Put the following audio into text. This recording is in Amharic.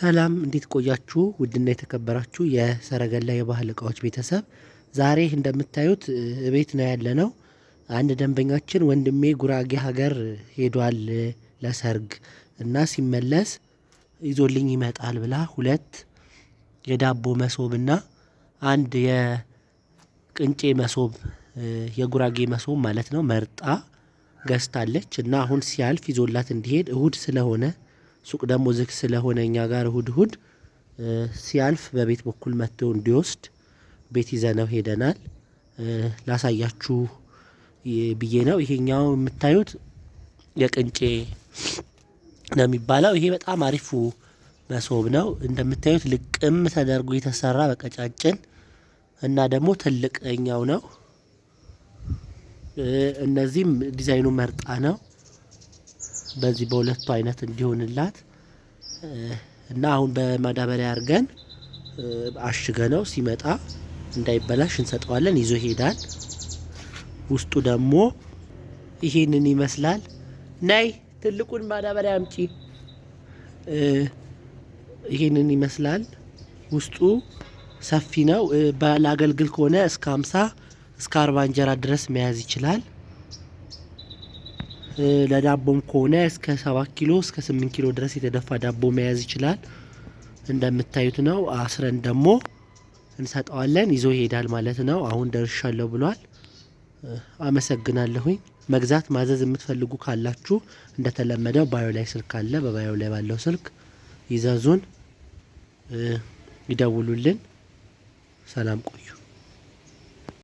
ሰላም እንዴት ቆያችሁ ውድና የተከበራችሁ የሰረገላ የባህል እቃዎች ቤተሰብ ዛሬ እንደምታዩት እቤት ነው ያለነው። አንድ ደንበኛችን ወንድሜ ጉራጌ ሀገር ሄዷል ለሰርግ እና ሲመለስ ይዞልኝ ይመጣል ብላ ሁለት የዳቦ መሶብ እና አንድ የቅንጬ መሶብ የጉራጌ መሶብ ማለት ነው መርጣ ገዝታለች እና አሁን ሲያልፍ ይዞላት እንዲሄድ እሁድ ስለሆነ ሱቅ ደግሞ ዝግ ስለሆነ እኛ ጋር እሁድ እሁድ ሲያልፍ በቤት በኩል መጥቶ እንዲወስድ ቤት ይዘነው ሄደናል። ላሳያችሁ ብዬ ነው። ይሄኛው የምታዩት የቅንጬ ነው የሚባለው። ይሄ በጣም አሪፉ መሶብ ነው። እንደምታዩት ልቅም ተደርጎ የተሰራ በቀጫጭን እና ደግሞ ትልቅኛው ነው። እነዚህም ዲዛይኑ መርጣ ነው። በዚህ በሁለቱ አይነት እንዲሆንላት እና አሁን በማዳበሪያ አድርገን አሽገ ነው ሲመጣ እንዳይበላሽ እንሰጠዋለን። ይዞ ይሄዳል። ውስጡ ደግሞ ይሄንን ይመስላል። ነይ ትልቁን ማዳበሪያ አምጪ። ይሄንን ይመስላል። ውስጡ ሰፊ ነው። ባለአገልግል ከሆነ እስከ 50 እስከ 40 እንጀራ ድረስ መያዝ ይችላል። ለዳቦም ከሆነ እስከ 7 ኪሎ እስከ 8 ኪሎ ድረስ የተደፋ ዳቦ መያዝ ይችላል። እንደምታዩት ነው። አስረን ደግሞ እንሰጠዋለን ይዞ ይሄዳል ማለት ነው። አሁን ደርሻለሁ ብሏል። አመሰግናለሁኝ። መግዛት ማዘዝ የምትፈልጉ ካላችሁ እንደተለመደው ባዮ ላይ ስልክ አለ። በባዮ ላይ ባለው ስልክ ይዘዙን፣ ይደውሉልን። ሰላም ቆዩ።